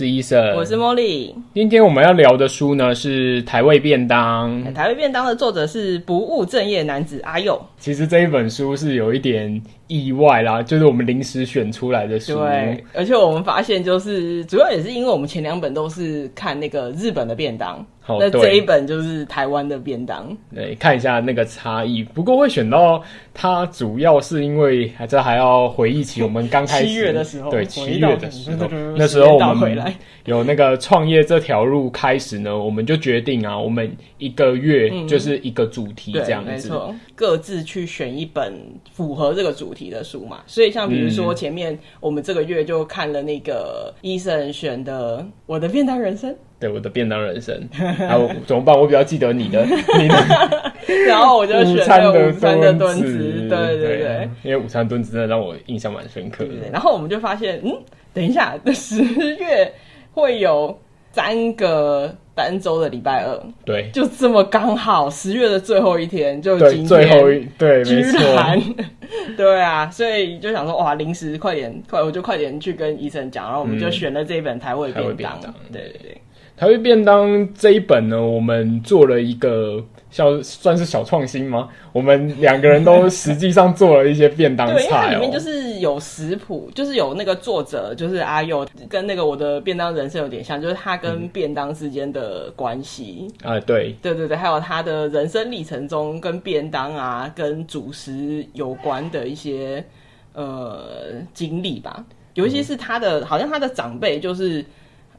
我是 Eason，我是茉莉。今天我們要聊的書呢，是《台味便當》。台味便當的作者是不務正業男子阿佑。其實這一本書是有一點意外啦，就是我們臨時選出來的書。對，而且我們發現，就是主要也是因為我們前兩本都是看那個日本的便當。哦、那這一本就是台灣的便當。對，對，看一下那個差異。不過會選到它，主要是因為這還，還要回憶起我們剛開始 七月的時候，對，七月的時候，回那，那時候我們有那個創業這條路開始呢， 我們就決定啊，我們一個月就是一個主題這樣子，嗯，對沒錯，各自去選一本符合這個主題的書嘛。所以像比如說前面我們這個月就看了那個醫生選的《我的便當人生》。對，我的便當人生， 啊，我，怎麼辦？我比較記得你的， 你的 然後我就選了餐，午餐的蹲姿，蹲姿，對，對對對，因為午餐蹲姿真的讓我印象蠻深刻的對對對。然後我們就發現，嗯，等一下，十月會有三個單周的禮拜二，對，就這麼剛好，十月的最後一天就今天，對，對，居然，對，沒錯，居然，對啊，所以就想說，哇，臨時快點，快，我就快點去跟醫生講，然後我們就選了這一本台味便當、嗯、台味便當，對對對。台味便當這一本呢，我們做了一個像算是小創新嗎？我們兩個人都實際上做了一些便當菜、哦、 對，因為它裡面就是有食譜，就是有那個作者，就是阿、啊、佑，跟那個我的便當人生有點像，就是他跟便當之間的關係、嗯、啊，對，對對對，還有他的人生歷程中跟便當啊，跟主食有關的一些呃經歷吧，尤其是他的，嗯、好像他的長輩就是。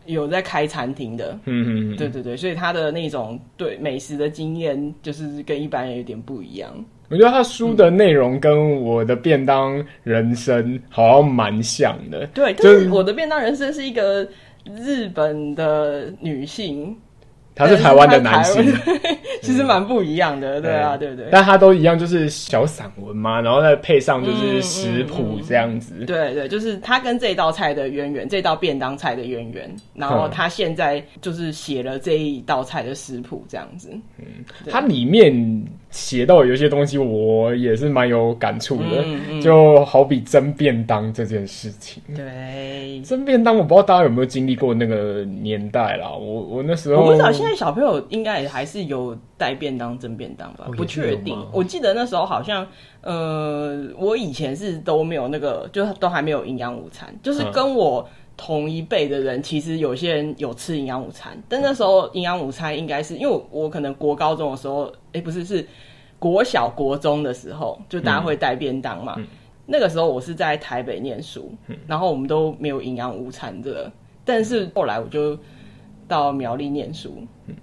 有在開餐廳的，嗯嗯，對對對，所以他的那種對美食的經驗，就是跟一般人有點不一樣。我覺得他書的內容跟我的便當人生好像蠻像的，嗯就是、對，就是我的便當人生是一個日本的女性。他是台灣的男性， 其實蠻不一樣的，嗯、對啊，對不對，對？但他都一樣，就是小散文嘛，然後再配上就是食譜這樣子。嗯嗯嗯、對對，就是他跟這道菜的淵源，這道便當菜的淵源，然後他現在就是寫了這一道菜的食譜這樣子。嗯，他裡面。寫到有些東西，我也是蠻有感觸的嗯嗯，就好比蒸便當這件事情。對，蒸便當我不知道大家有沒有經歷過那個年代啦。我我那時候，我不知道現在小朋友應該還是有帶便當蒸便當吧？哦、不確定。我記得那時候好像，呃，我以前是都沒有那個，就都還沒有營養午餐，就是跟我，嗯同一輩的人，其實有些人有吃營養午餐，但那時候營養午餐應該是因為我，我可能國高中的時候，哎、欸，不是，是國小國中的時候，就大家會帶便當嘛、嗯嗯。那個時候我是在台北念書，然後我們都沒有營養午餐這，但是後來我就到苗栗念書，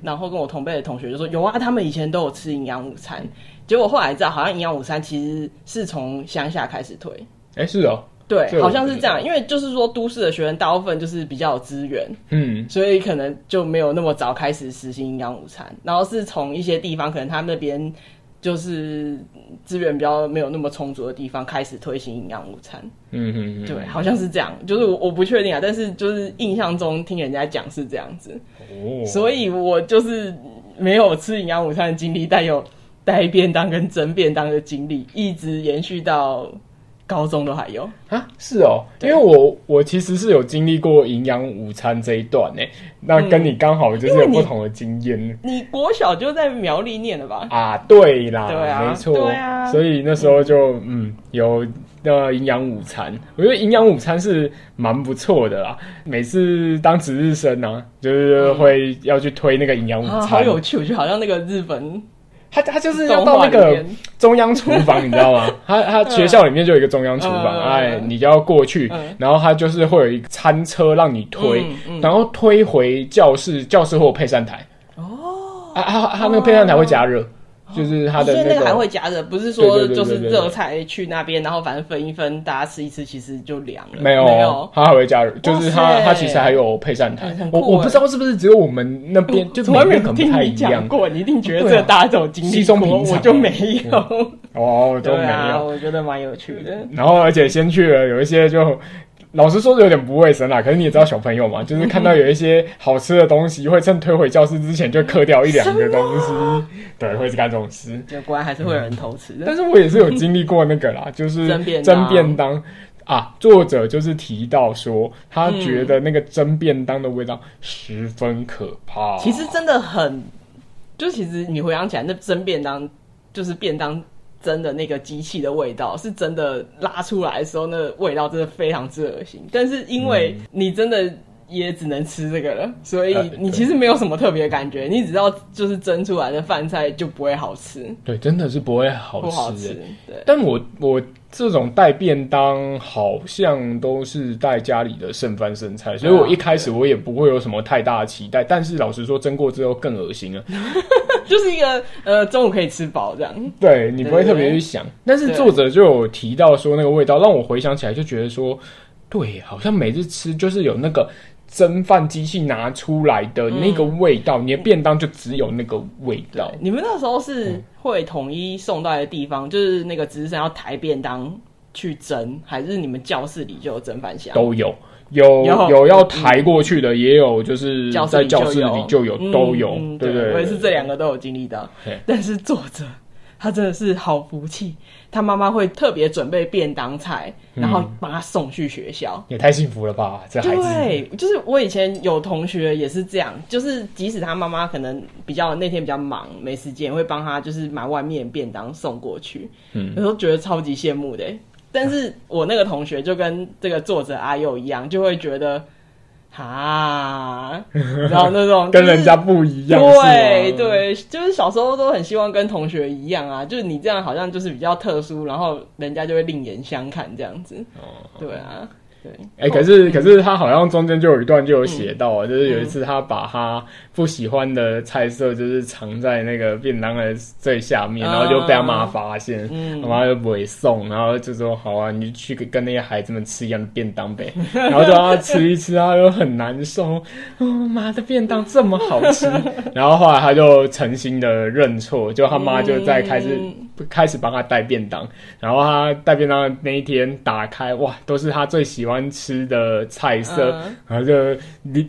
然後跟我同輩的同學就說有啊，他們以前都有吃營養午餐。結果後來知道，好像營養午餐其實是從鄉下開始推。哎、欸，是哦。對，對，好像是這樣，因為就是說，都市的學生大部分就是比較有資源，嗯，所以可能就沒有那麼早開始實行營養午餐，然後是從一些地方，可能他那邊就是資源比較沒有那麼充足的地方開始推行營養午餐，嗯嗯對，好像是這樣，就是我我不確定啊，但是就是印象中聽人家講是這樣子，哦，所以我就是沒有吃營養午餐的經歷，但有帶便當跟蒸便當的經歷，一直延續到。高中都還有啊？是哦、喔，因為我我其實是有經歷過營養午餐這一段呢、欸，那跟你剛好就是有不同的經驗。你國小就在苗栗念的吧？啊，對啦，對啊，沒錯、啊，所以那時候就嗯，嗯有呃營養午餐，我覺得營養午餐是蠻不錯的啦。每次當值日生呢、啊，就是會要去推那個營養午餐、嗯啊，好有趣，我覺得好像那個日本。他他就是要到那個中央廚房，你知道嗎？他 他學校裡面就有一個中央廚房，嗯、哎，嗯、你就要過去，嗯、然後他就是會有一個餐車讓你推，嗯嗯、然後推回教室，教室會有配膳台。哦，啊啊，他那個配膳台會加熱。哦就是它的那個、哦、所以那個還會加熱，不是說就是熱菜去那邊，然後反正分一分，大家吃一吃，其實就涼了。沒有、哦，沒有，它還會加熱，就是它它其實還有配膳台。嗯、我我不知道是不是只有我們那邊，就從來沒有聽你講過，你一定覺得這大種經歷過、啊西鬆平，我就沒有。嗯、哦我都沒有，對啊，我覺得蠻有趣的。然後，而且先去了有一些就。老實說，是有點不衛生啦。可是你也知道，小朋友嘛，就是看到有一些好吃的東西， 會趁推回教室之前就嗑掉一兩個東西。 對，會是該這種事。就果然還是會有人偷吃、嗯。但是我也是有經歷過那個啦， 就是蒸蒸便當， 便當啊。作者就是提到說，他覺得那個蒸便當的味道，十分可怕。其實真的很，就其實你回想起來，那蒸便當就是便當。真的那個機器的味道，是真的拉出來的時候，那個味道真的非常之噁心。但是因為你真的也只能吃這個了，所以你其實沒有什麼特別感覺。呃，你只要就是蒸出來的飯菜就不會好吃。對，真的是不會好吃。不好吃。對。但我我。這種帶便當好像都是帶家裡的剩飯剩菜，所以我一開始我也不會有什麼太大的期待。但是老實說，蒸過之後更噁心了， 就是一個呃中午可以吃飽這樣。對，你不會特別去想對對對，但是作者就有提到說那個味道讓我回想起來就覺得說，對，好像每日吃就是有那個。蒸飯機器拿出來的那個味道、嗯，你的便當就只有那個味道。你們那時候是會統一送到來的地方、嗯，就是那個值日生要抬便當去蒸，還是你們教室裡就有蒸飯箱？都有，有有，有要抬過去的、嗯，也有就是在教室裡就有，嗯、都有。嗯、對，對對，我也是這兩個都有經歷到，但是作者。他真的是好福氣，他媽媽會特別準備便當菜，嗯、然後把他送去學校。也太幸福了吧，這孩子！對，就是我以前有同學也是這樣，就是即使他媽媽可能比較那天比較忙沒時間，會幫他就是買外面便當送過去。嗯，有時候覺得超級羨慕的。但是我那個同學就跟這個作者阿佑一樣，就會覺得。啊，然 後那種跟人家不一樣， 對對，就是小時候都很希望跟同學一樣啊，就是你這樣好像就是比較特殊，然後人家就會另眼相看這樣子，哦、對啊。對，哎、欸，可是，哦、可是，他好像中間就有一段就有寫到啊、嗯，就是有一次他把他不喜歡的菜色就是藏在那個便當的最下面，嗯，然後就被他媽發現，他，嗯、媽就不會送，嗯，然後就說：“好啊，你去跟那些孩子們吃一樣的便當唄。”然後讓他吃一吃， 他又很難受。哦媽的，便當這麼好吃！ 然後後來他就誠心的認錯，就他媽就在開始。嗯開始幫他帶便當，然後他帶便當的那一天打開，哇，都是他最喜歡吃的菜色，嗯、然後就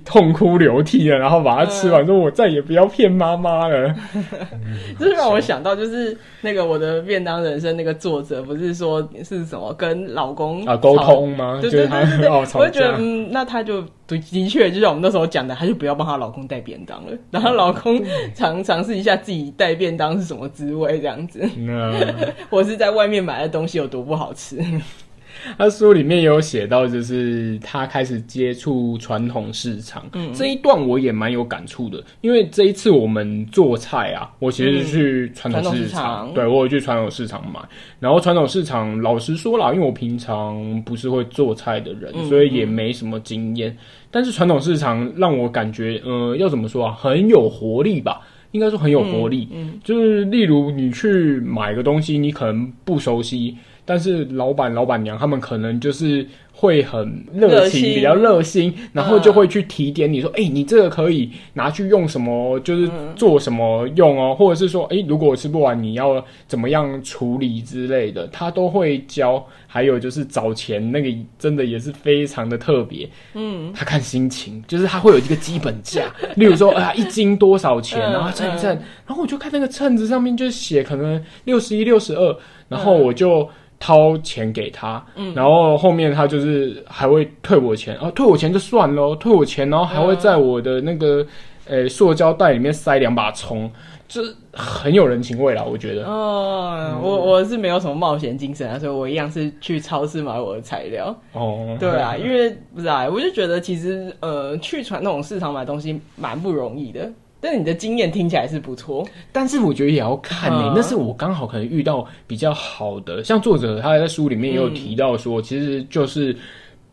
痛哭流涕了，然後把它吃完，嗯、說：“我再也不要騙媽媽了。嗯”這 讓我想到，就是那個我的便當人生那個作者，不是說是什麼跟老公啊溝通嗎？就覺得他很好。我就覺得，嗯、那他就的確就像我們那時候講的，他就不要幫他老公帶便當了，然後老公嘗嘗試一下自己帶便當是什麼滋味，這樣子。嗯 我是在外面買的東西有多不好吃 。他書裡面有寫到，就是他開始接觸傳統市場、嗯，這一段我也蠻有感觸的。因為這一次我們做菜啊，我其實是去傳統市場、嗯、傳統市場，對我有去傳統市場買。然後傳統市場，老實說啦，因為我平常不是會做菜的人，嗯、所以也沒什麼經驗。但是傳統市場讓我感覺，嗯、呃，要怎麼說啊，很有活力吧。應該說很有活力，嗯嗯，就是例如你去買個東西，你可能不熟悉，但是老闆、老闆娘他們可能就是。會很熱情，比較熱心，然後就會去提點你說，誒、嗯欸，你這個可以拿去用什麼，就是做什麼用哦，嗯、或者是說，誒、欸，如果我吃不完，你要怎麼樣處理之類的，他都會教。還有就是找錢，那個真的也是非常的特別，嗯，他看心情，就是他會有一個基本價， 例如說啊、呃、一斤多少錢，嗯、然後稱一稱、嗯，然後我就看那個秤子上面就寫可能六十一、六十二，然後我就。嗯掏錢給他，然後後面他就是還會退我錢，嗯、啊退我錢就算嘍，退我錢，然後還會在我的那個，誒、嗯欸，塑膠袋裡面塞兩把蔥，就很有人情味啦，我覺得。哦、嗯，我我是沒有什麼冒險精神啊，所以我一樣是去超市買我的材料。哦，對啊，對啊，因為不是啊，我就覺得其實呃，去傳統市場買東西蠻不容易的。但你的經驗聽起來是不錯，但是我覺得也要看呢、欸啊。那是我剛好可能遇到比較好的，嗯、像作者他在書裡面也有提到說，其實就是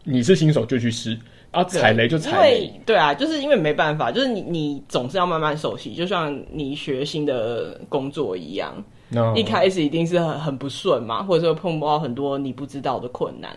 你是新手就去試、嗯，啊踩雷就踩雷對。對啊，就是因為沒辦法，就是你你總是要慢慢熟悉，就像你學新的工作一樣，一開始一定是很很不順嘛，或者說碰到很多你不知道的困難。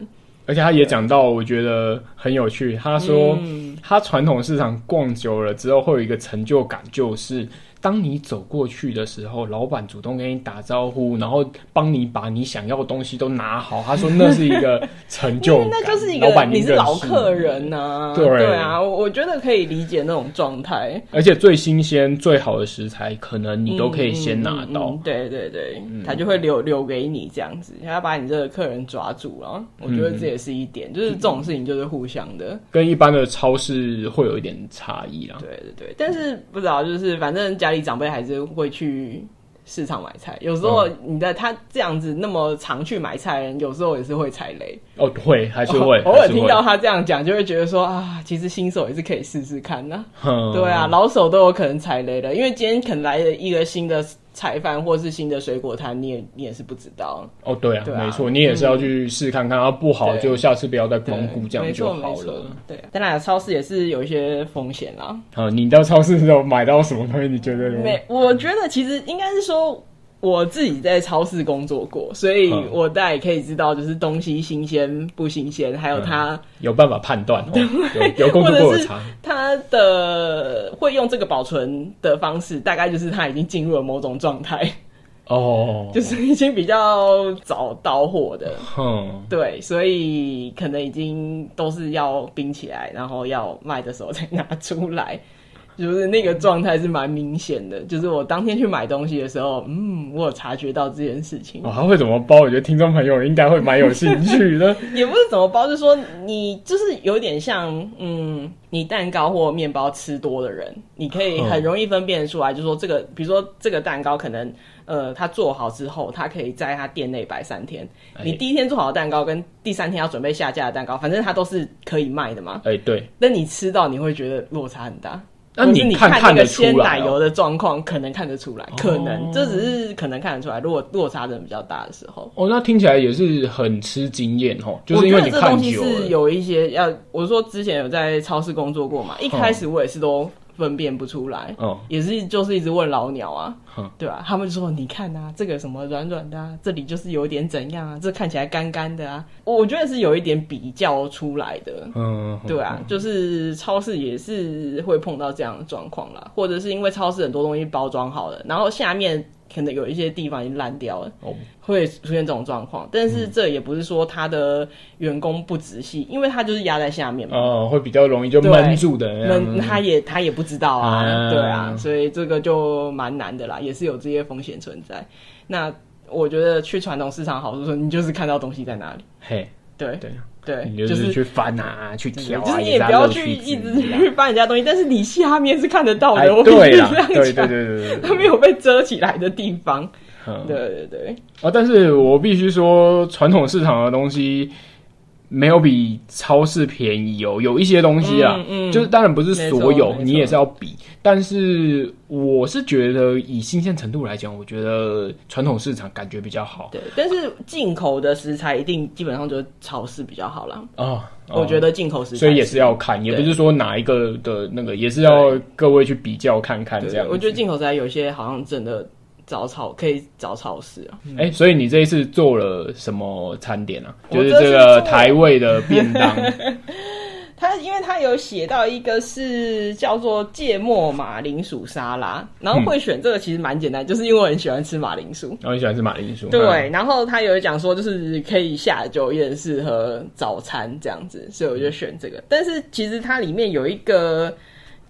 而且他也講到，我覺得很有趣。他說，嗯，他傳統市場逛久了之後，會有一個成就感，就是。當你走過去的時候，老闆主動跟你打招呼，然後幫你把你想要的東西都拿好。他說：“那是一個成就感、 嗯，那就是一個老闆，你是老客人吶、啊，對對，對，對啊，我覺得可以理解那種狀態。而且最新鮮、最好的食材，可能你都可以先拿到。嗯嗯嗯、對對對、嗯，他就會留留給你這樣子，他要把你這個客人抓住啊。我覺得這也是一點，嗯、就是這種事情就是互相的，嗯嗯、跟一般的超市會有一點差異啊。對對對，但是不知道就是反正講。”家裡長輩還是會去市場買菜，有時候你的他這樣子那麼常去買菜人，人有時候也是會踩雷哦，會還是會偶爾、哦、聽到他這樣講，就會覺得說啊，其實新手也是可以試試看呢、啊。對啊，老手都有可能踩雷的，因為今天肯來了一個新的。菜販，或是新的水果攤，你也你也是不知道哦，對、啊。對啊，沒錯，你也是要去試看看，要、嗯啊、不好就下次不要再光顧，這樣就好了。沒錯沒錯，對、啊，當然、啊、超市也是有一些風險啊。好，你到超市之後買到什麼東西？你覺得？沒，我覺得其實應該是說。我自己在超市工作過，所以我大概也可以知道，就是東西新鮮不新鮮，還有它、嗯、有辦法判斷， 哦，有，有工作過長，它的會用這個保存的方式，大概就是它已經進入了某種狀態哦，就是已經比較早到貨的，嗯，對，所以可能已經都是要冰起來，然後要賣的時候才拿出來。就是那個狀態是蠻明顯的，就是我當天去買東西的時候，嗯，我有察覺到這件事情。哦，還會怎麼包？我覺得聽眾朋友應該會蠻有興趣的。 也不是怎麼包，就說你就是有點像，嗯，你蛋糕或面包吃多的人，你可以很容易分辨出來、哦，就說這個，比如說這個蛋糕可能，呃，他做好之後，他可以在他店內擺三天。你第一天做好的蛋糕跟第三天要準備下架的蛋糕，反正它都是可以賣的嘛。哎，對。那你吃到你會覺得落差很大。那你看看得出來，哦、你那個鮮奶油的狀況，可能看得出來，哦、可能這只是可能看得出來。如果落差的比較大的時候，哦，那聽起來也是很吃經驗哦。就是因為你看久了，是有一些要我說，之前有在超市工作過嘛，一開始我也是都。嗯分辨不出來，oh. 也是就是一直問老鳥啊，huh. 對吧、啊？他們就說你看啊，這個什麼軟軟的、啊，這裡就是有一點怎樣啊？這看起來乾乾的啊，我覺得是有一點比較出來的，嗯、huh.，對啊，就是超市也是會碰到這樣的狀況啦，huh. 或者是因為超市很多東西包裝好了，然後下面。可能有一些地方已經爛掉了，哦，會出現這種狀況。但是這也不是說他的員工不仔細，嗯，因為他就是壓在下面嘛，哦，會比較容易就悶住的。悶，他也他也不知道啊，啊，對啊，所以這個就蠻難的啦，也是有這些風險存在。那我覺得去傳統市場好處是，你就是看到東西在哪裡，嘿，對對。對，你就是去翻啊，就是、去挑、啊啊，就是你也不要去一直去翻人家東西、啊，但是你下面是看得到的，哎、我們就是這樣講，它沒有被遮起來的地方，嗯、對，對，對，對對對。啊，但是我必須說，傳統市場的東西。沒有比超市便宜哦，有一些東西啊、嗯嗯，就是當然不是所有，你也是要比。但是我是覺得以新鮮程度來講，我覺得傳統市場感覺比較好。對，但是進口的食材一定基本上就是超市比較好了啊。我覺得進口食材，所以也是要看，也不是說哪一個的那個，也是要各位去比較看看這樣子。我覺得進口食材有些好像真的。早炒可以早超市啊，哎、嗯欸，所以你這一次做了什麼餐點啊？就是這個台味的便當。 他因為他有寫到一個是叫做芥末馬鈴薯沙拉，然後會選這個其實蠻簡單、嗯，就是因為我很喜歡吃馬鈴薯，然後很喜歡吃馬鈴薯。對、欸嗯，然後他有講說就是可以下酒也適合早餐這樣子，所以我就選這個。但是其實它裡面有一個。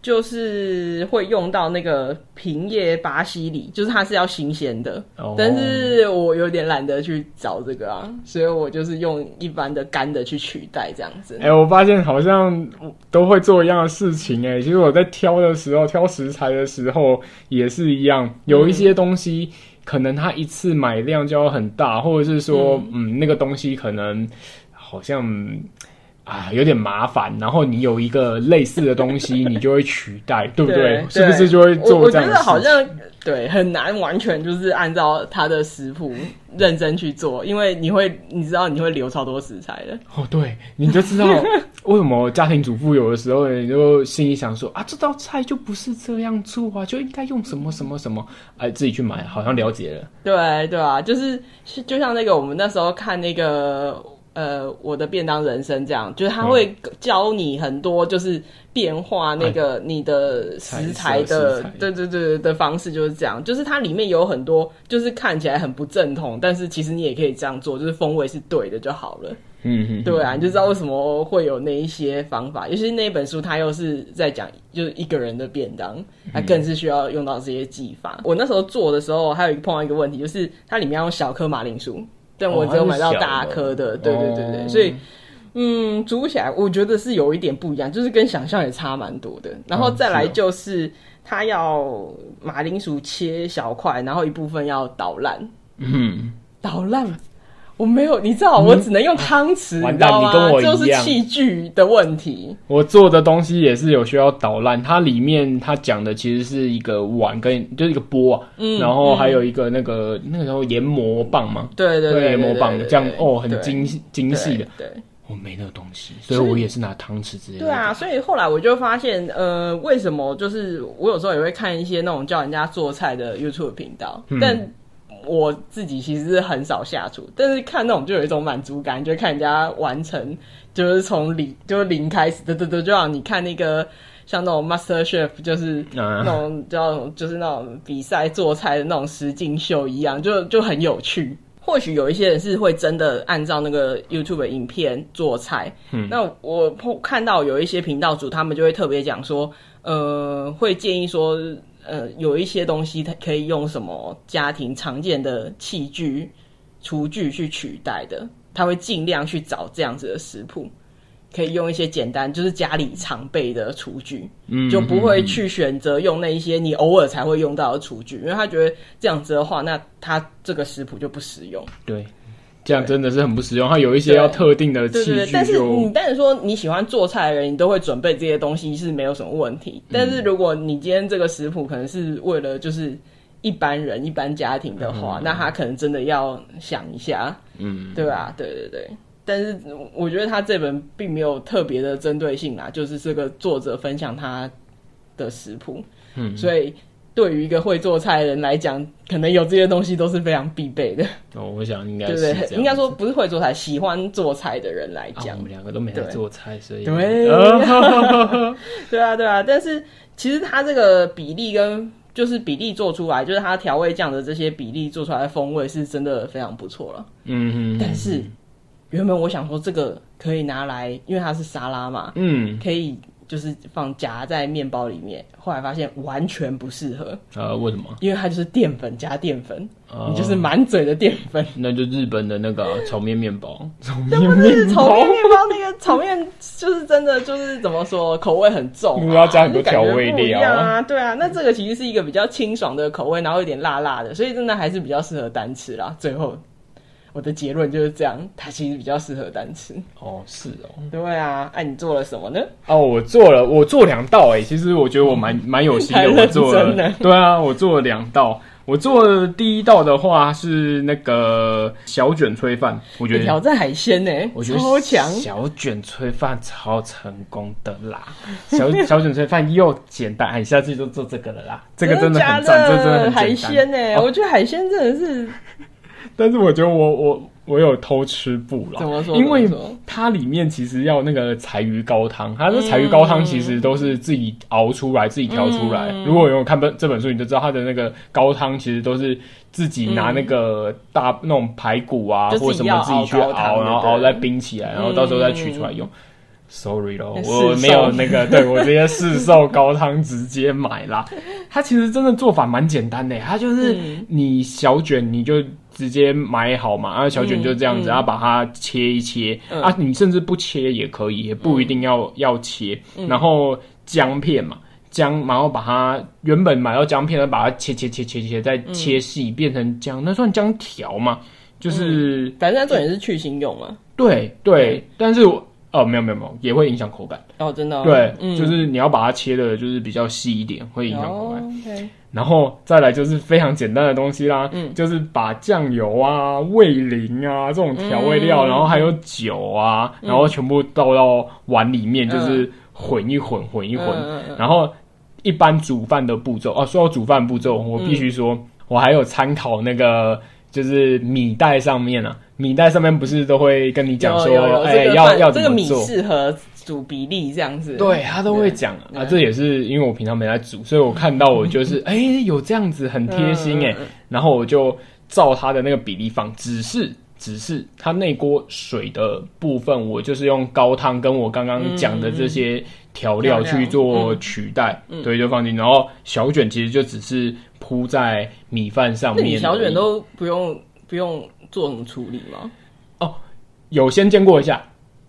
就是會用到那個平葉巴西裡，就是它是要新鮮的，oh. 但是我有點懶得去找這個啊、嗯，所以我就是用一般的乾的去取代這樣子。哎、欸，我發現好像都會做一樣的事情，哎，其實我在挑的時候，挑食材的時候也是一樣，有一些東西可能它一次買量就要很大，或者是說，嗯，嗯那個東西可能好像。啊，有點麻煩。然後你有一個類似的東西，你就會取代， 對不對，對？是不是就會做這樣？我覺得好像對，很難完全就是按照他的食譜認真去做，因為你會，你知道你會留超多食材的。哦，對，你就知道為什麼家庭主婦有的時候你就心裡想說 啊，這道菜就不是這樣做啊，就應該用什麼什麼什麼，哎、啊，自己去買，好像了解了。對對啊，就是就像那個我們那時候看那個。呃，我的便當人生這樣，就是他會教你很多，就是變化那個你的食材的，對對對的方式，就是這樣。就是它裡面有很多，就是看起來很不正統，但是其實你也可以這樣做，就是風味是對的就好了。嗯嗯，對啊，你就知道為什麼會有那一些方法，尤其是那本書它又是在講就是一個人的便當，它更是需要用到這些技法。我那時候做的時候，還有一個碰到一個問題，就是它裡面用小顆馬鈴薯，但、哦、我只有買到大顆的，對對對對、哦，所以，嗯，煮起來我覺得是有一點不一樣，就是跟想象也差蠻多的。然後再來就是，它、哦哦、要馬鈴薯切小塊，然後一部分要搗爛，嗯，搗爛。我沒有，你知道，我只能用湯匙、嗯，你知道完蛋，你跟我一樣，這就是器具的問題。我做的東西也是有需要搗爛，它裡面它講的其實是一個碗跟就是一個缽啊，嗯，然後還有一個那個、嗯、那個時候研磨棒嘛，對對，研磨棒這樣哦，很精細精細的。對，我、哦、沒那個東西，所以我也是拿湯匙之類的。對啊，所以後來我就發現，呃，為什麼就是我有時候也會看一些那種教人家做菜的 YouTube 頻道，嗯、但。我自己其實是很少下廚，但是看那種就有一種滿足感，就看人家完成，就是從零，就是零開始，對對對，就像你看那個像那種 Master Chef，就是那種、啊、叫就是那種比賽做菜的那種實境秀一樣，就就很有趣。或許有一些人是會真的按照那個 YouTube 影片做菜，嗯，那我看到有一些頻道主他們就會特別講說，呃，會建議說。呃，有一些東西他可以用什麼家庭常見的器具、廚具去取代的，他會儘量去找這樣子的食譜，可以用一些簡單，就是家裡常備的廚具，嗯，就不會去選擇用那一些你偶爾才會用到的廚具，嗯，因為他覺得這樣子的話，那他這個食譜就不實用，對。這樣真的是很不實用，它有一些要特定的器具。對，對對對。但是你，但是說你喜歡做菜的人，你都會準備這些東西是沒有什麼問題。嗯、但是如果你今天這個食譜可能是為了就是一般人、一般家庭的話，嗯啊、那他可能真的要想一下，嗯，對吧、啊？對對對。但是我覺得他這本並沒有特別的針對性啊，就是這個作者分享他的食譜，嗯，所以。對於一個會做菜的人來講，可能有這些東西都是非常必備的。哦，我想應該是這樣。應該說不是會做菜，喜歡做菜的人來講。啊、我們兩個都沒有做菜，所以對，哦、哈哈哈哈 對啊，對啊。但是其實它這個比例跟就是比例做出來，就是它調味醬的這些比例做出來的風味是真的非常不錯了。嗯，嗯，嗯。但是原本我想說，這個可以拿來，因為它是沙拉嘛。嗯。可以。就是放夾在麵包裡面，後來發現完全不適合。呃，為什麼？因為它就是澱粉加澱粉、呃，你就是滿嘴的澱粉。那就日本的那個炒麵麵包。對 炒麵麵包，那個炒麵就是真的，就是怎麼說，口味很重啊、因為要加很多調味料啊。啊就是、啊對啊、嗯，那這個其實是一個比較清爽的口味，然後有點辣辣的，所以真的還是比較適合單吃啦。最後。我的結論就是這樣，它其實比較適合單吃哦，是哦，對啊，哎、啊，你做了什麼呢？哦，我做了，我做兩道哎、欸，其實我覺得我蠻蠻、嗯、有心的真，我做了，對啊，我做了兩道，我做了第一道的話是那個小卷炊飯，我覺得、欸、挑戰海鮮呢、欸，我覺得超強，小卷炊飯超成功的啦，小小卷炊飯又簡單，哎、 啊，下次就做這個了啦，的的這個真的很讚，真的海鮮呢、欸哦，我覺得海鮮真的是。 但是我覺得我我我有偷吃步啦，怎麼說？因為它裡面其實要那個柴魚高湯、嗯，它的柴魚高湯，其實都是自己熬出來、嗯、自己調出來、嗯。如果有看本這本書，你就知道它的那個高湯其實都是自己拿那個大、嗯、那種排骨啊，或者什麼自己去熬，己熬，然後熬再冰起來、嗯，然後到時候再取出來用。嗯、Sorry 咯，我沒有那個， 對我直接市售高湯直接買啦。 它其實真的做法蠻簡單的，它就是你小卷你就。直接買好嘛，然、啊、後小卷，就這樣子，然、嗯、後、嗯啊、把它切一切、嗯、啊，你甚至不切也可以，也不一定要、嗯、要切、嗯。然後薑片嘛，薑，然後把它原本買到薑片了，再把它切切切切切，再切細、嗯、變成薑，那算薑條嗎？就是、嗯、反正那種也是去腥用啊。對對、嗯，但是我。哦，沒有沒有沒有，也會影響口感。哦，真的、哦。對、嗯，就是你要把它切得，就是比較細一點，會影響口感。哦 okay、然後再來就是非常簡單的東西啦，嗯、就是把醬油啊、味醂啊這種調味料、嗯，然後還有酒啊、嗯，然後全部倒到碗裡面，就是混一混，混一混、嗯。然後一般煮飯的步驟啊，說到煮飯步驟，我必須說、嗯，我還有參考那個。就是米袋上面啊，米袋上面不是都會跟你講說，哎、欸這個，要要怎麼做這個米適合煮比例這樣子，對他都會講、嗯、啊、嗯。這也是因為我平常沒在煮，所以我看到我就是，哎、 欸，有這樣子很貼心哎、欸嗯，然後我就照他的那個比例放，只是只是他那鍋水的部分，我就是用高湯跟我剛剛講的這些。嗯嗯調料去做取代，調調嗯、對，就放進。然後小卷其實就只是鋪在米飯上面，那你小卷都不用不用做什麼處理嗎？哦，有先煎過一下，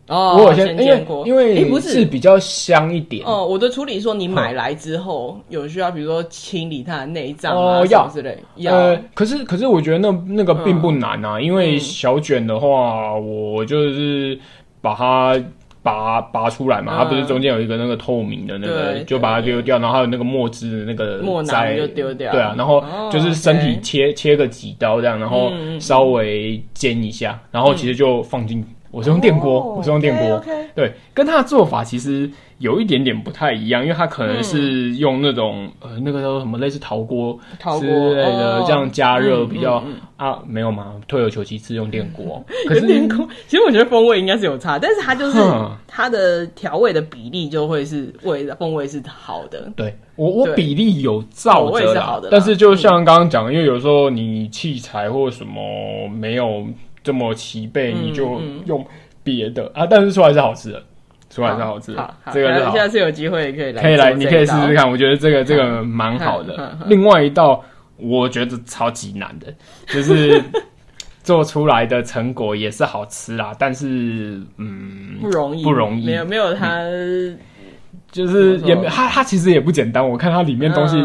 哦、我有先，先煎過因為，因為、欸、不是，是比較香一點。哦，我的處理說你買來之後、嗯、有需要，比如說清理它的內臟啊、哦、之類，呃、可是可是我覺得那那個並不難啊、嗯，因為小卷的話，我就是把它。拔拔出來嘛，嗯、它不是中間有一個那個透明的那個，就把它丟掉，然後還有那個墨汁的那個墨囊就丟掉，對啊，然後就是身體、哦 okay、切切個幾刀這樣，然後稍微煎一下，嗯、然後其實就放進我是用電鍋，我是用電鍋、哦 okay, okay，對，跟他的做法其實。有一點點不太一樣，因為它可能是用那種、嗯、呃那個叫什麼類似陶鍋、陶鍋之類的、哦、這樣加熱，比較、嗯嗯嗯、啊沒有嘛，退而求其次用電鍋、嗯。可是電鍋，其實我覺得風味應該是有差，但是它就是它的調味的比例就會是味的風味是好的。對我對我比例有照着的，但是就像剛剛講，因為有時候你器材或什麼沒有這麼齊備、嗯，你就用別的、嗯嗯、啊，但是出來是好吃的。出來是好吃的、的，這個是好，下次有機會也可以來，可以來，你可以試試看。我覺得這個這個蠻好的、啊啊啊。另外一道我覺得超級難的， 就是做出來的成果也是好吃啦， 但是嗯，不容易，不容易。沒有沒有它，它、嗯、就是也沒它它其實也不簡單。我看它裡面東西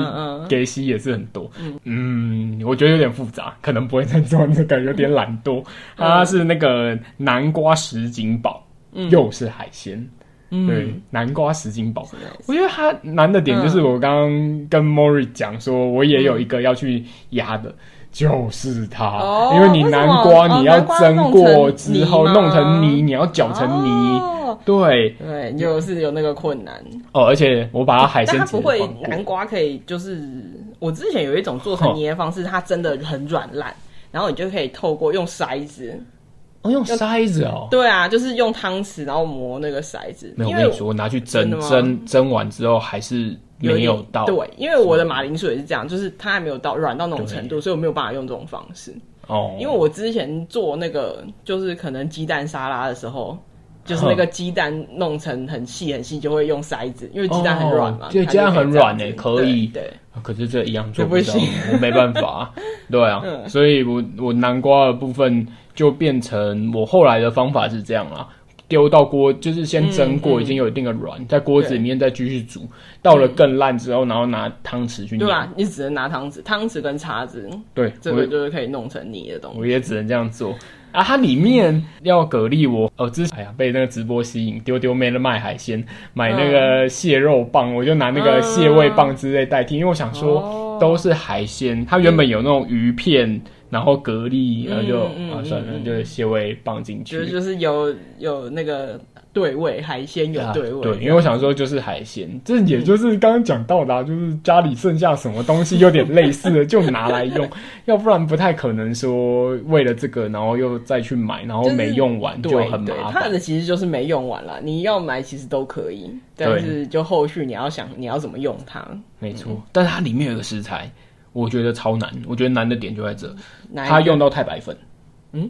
給洗、啊啊、也是很多嗯嗯。嗯，我覺得有點複雜， 可能不會再做、那個，感覺有點懶惰。 它是那個南瓜什錦堡。又是海鮮、嗯、對、嗯、南瓜什錦堡，我覺得它難的點就是我剛剛跟 Mori 講說，我也有一個要去壓的、嗯，就是它，因為你南瓜你要蒸過之後弄成泥，哦哦要成泥哦、你要攪成泥，對對，就是有那個困難、嗯、哦。而且我把它海鮮，它不會南瓜可以就是我之前有一種做成泥的方式，哦、它真的很軟爛，然後你就可以透過用篩子。我用篩子哦，對啊，就是用湯匙然後磨那個篩子。沒有跟你說，我拿去蒸蒸蒸完之後還是沒有到。有對，因為我的馬鈴薯也是這樣，就是它還沒有到軟到那種程度，所以我沒有辦法用這種方式哦。因為我之前做那個就是可能雞蛋沙拉的時候，就是那個雞蛋弄成很細很細，就會用篩子，因為雞蛋很軟嘛、啊。對、哦，雞蛋很軟誒、欸，可以。對，對可是這一樣做不，不行， 我沒辦法、啊。對啊，嗯、所以我我南瓜的部分。就變成我後來的方法是這樣啦，丟到鍋，就是先蒸過，已經有一定的軟、嗯嗯，在鍋子裡面再繼續煮，到了更爛之後，然後拿湯匙去。對吧？你只能拿湯匙，湯匙跟叉子。對，這個就是可以弄成泥的東西。我也只能這樣做。 啊，它裡面要蛤蜊我，我哦之前哎呀，被那個直播吸引，丟丟沒了賣海鮮，買那個蟹肉棒、嗯，我就拿那個蟹味棒之類代替，嗯、因為我想說都是海鮮、哦，它原本有那種魚片，然後蛤蜊，然後就、嗯嗯啊、算了、嗯，就蟹味棒進去，就是有有那個。對味海鮮有對味，yeah, 對，因為我想說就是海鮮，這也就是剛剛講到的、啊嗯，就是家裡剩下什麼東西有點類似的 就拿來用，要不然不太可能說為了這個然後又再去買，然後沒用完就很麻煩。怕、就是、的其實就是沒用完了，你要買其實都可以，但是就後續你要想你要怎麼用它，嗯、沒錯。但是它裡面有個食材，我覺得超難，我覺得難的點就在這，它用到太白粉，嗯。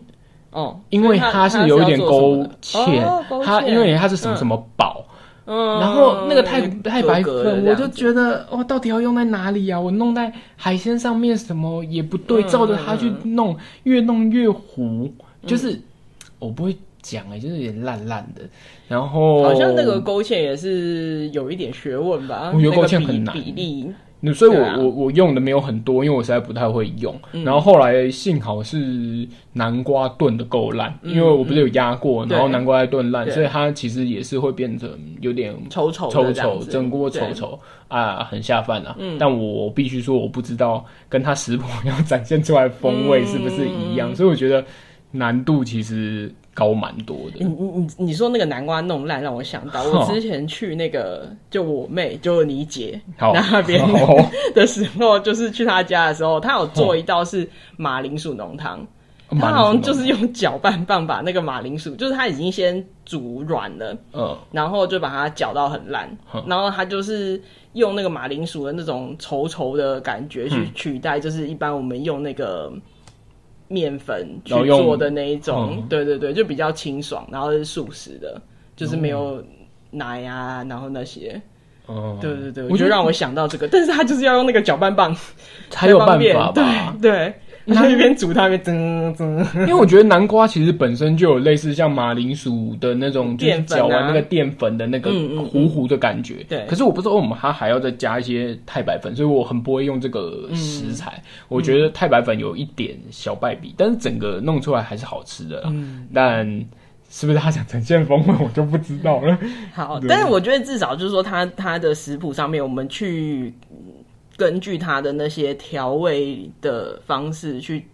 哦，因為它是有一點勾芡，它、哦哦、因為它是什麼什麼寶，嗯，然後那個太、嗯、太白粉，我就覺得哦到底要用在哪裡啊？我弄在海鮮上面什麼也不對，嗯、照着它去弄、嗯，越弄越糊，嗯、就是、嗯、我不會講哎、欸，就是有點爛爛的。然後好像那個勾芡也是有一點學問吧，我覺得勾芡很難。比例。所以我、啊，我我我用的沒有很多，因為我實在不太會用。嗯、然後後來幸好是南瓜燉得夠爛，因為我不是有壓過、嗯，然後南瓜在燉爛，所以它其實也是會變成有點醜丑丑醜，整鍋醜醜啊，很下飯吶、啊嗯。但我必須說，我不知道跟它食譜要展現出來的風味是不是一樣、嗯，所以我覺得難度其實。高蠻多的，你你你你說那個南瓜弄爛讓我想到，我之前去那個就我妹就你姐那邊的時候，哦、就是去他家的時候，他有做一道是馬鈴薯濃湯、嗯，她好像就是用攪拌棒把那個馬鈴薯，就是他已經先煮軟了，嗯，然後就把它攪到很爛，然後他就是用那個馬鈴薯的那種稠稠的感覺去取代，嗯、就是一般我們用那個。麵粉去做的那一種，嗯，對對對，就比較清爽，然後是素食的，就是沒有奶啊，然後那些，哦、嗯，對對對，我就，就讓我想到這個，但是他就是要用那個攪拌棒，才有方便辦法，對對。他一邊煮，它，一邊蒸蒸。因為我覺得南瓜其實本身就有類似像馬鈴薯的那種，就是嚼完那個澱粉的那個糊糊的感覺。對、嗯嗯。嗯、可是我不知道我們它還要再加一些太白粉，所以我很不會用這個食材。嗯嗯我覺得太白粉有一點小敗筆，嗯嗯但是整個弄出來還是好吃的、啊、嗯,嗯。但是不是他想呈現風味，我就不知道了。好， 但是我覺得至少就是說他，他他的食譜上面，我們去。根據他的那些調味的方式去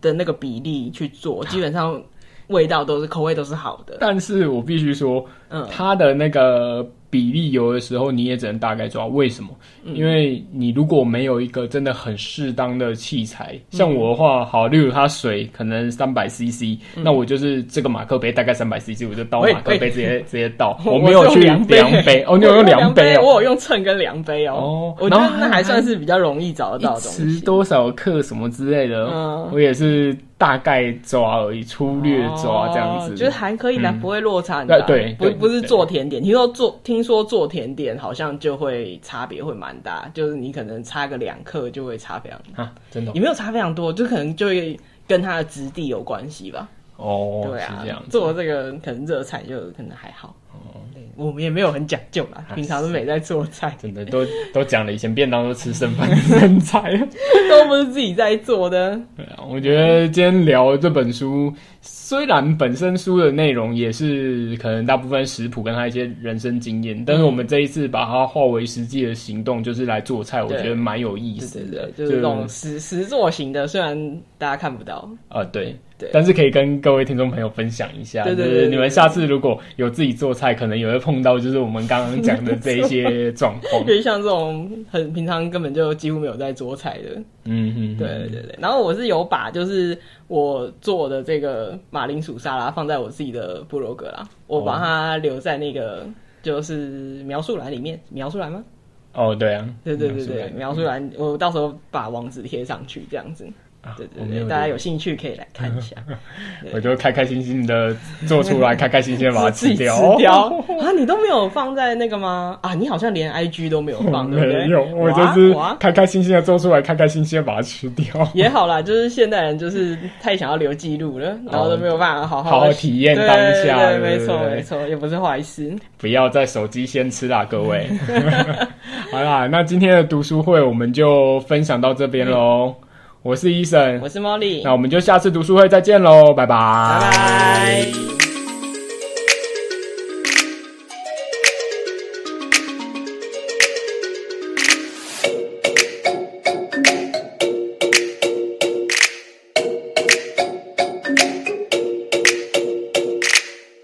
的那個比例去做，基本上味道都是，口味都是好的。但是我必須說，嗯，他的那個。比例有的時候你也只能大概抓，為什麼？因為你如果沒有一個真的很適當的器材、嗯，像我的話，好，例如它水可能三百 CC，那我就是這個馬克杯大概三百 CC，我就倒馬克杯直接直接倒，我沒有去量杯，量杯哦，你有用、啊、有用量杯？我有用秤跟量杯哦，哦然後，我覺得那還算是比較容易找得到的東西。吃多少克什麼之類的，嗯、我也是。大概抓而已，粗略抓這樣子，哦、就是還可以但、嗯、不會落差很大。對，不不是做甜點對對對，聽說做，聽說做甜點好像就會差別會蠻大，就是你可能差個兩克就會差非常多、啊，真的，也沒有差非常多，就可能就會跟它的質地有關係吧。哦，對啊，這做這個可能熱菜就可能還好。我們也沒有很講究啦，平常是沒在做菜，啊、真的都都講了，以前便當都吃剩飯剩菜， 都不是自己在做的。 對啊，我覺得今天聊這本書，雖然本身書的內容也是可能大部分食譜跟他一些人生經驗、嗯，但是我們這一次把它化為實際的行動，就是來做菜，我覺得蠻有意思的。對對對，就，就是那種實實做型的。雖然大家看不到啊、呃，對。啊、但是可以跟各位聽眾朋友分享一下，對對對對對對，就是你們下次如果有自己做菜，可能也會碰到，就是我們剛剛講的這一些狀況，就 像這種很平常，根本就幾乎沒有在做菜的。嗯嗯，對對對。然後我是有把就是我做的這個馬鈴薯沙拉放在我自己的布落格啦、哦，我把它留在那個就是描述欄裡面，描出欄嗎？哦，對啊，對對對對描，描述欄，我到時候把網址貼上去，這樣子。啊、對對對，大家有興趣可以來看一下。 我就開開心心的做出來， 開開心心把它吃掉， 吃掉、哦。啊？你都沒有放在那個嗎？啊，你好像連 IG 都沒有放，哦、對對，沒有，我、啊、我就是我、啊、開開心心的做出來，開開心心把它吃掉。也好啦，就是現代人就是太想要留記錄了， 然後都沒有辦法好好、啊、好體驗當下。沒錯，對對對，沒錯，也不是壞事。不要在手機先吃啦，各位。 好啦，那今天的讀書會我們就分享到這邊嘍。 我是 Eason，我是 Molly，那我們就下次讀書會再見嘍，拜拜，拜拜。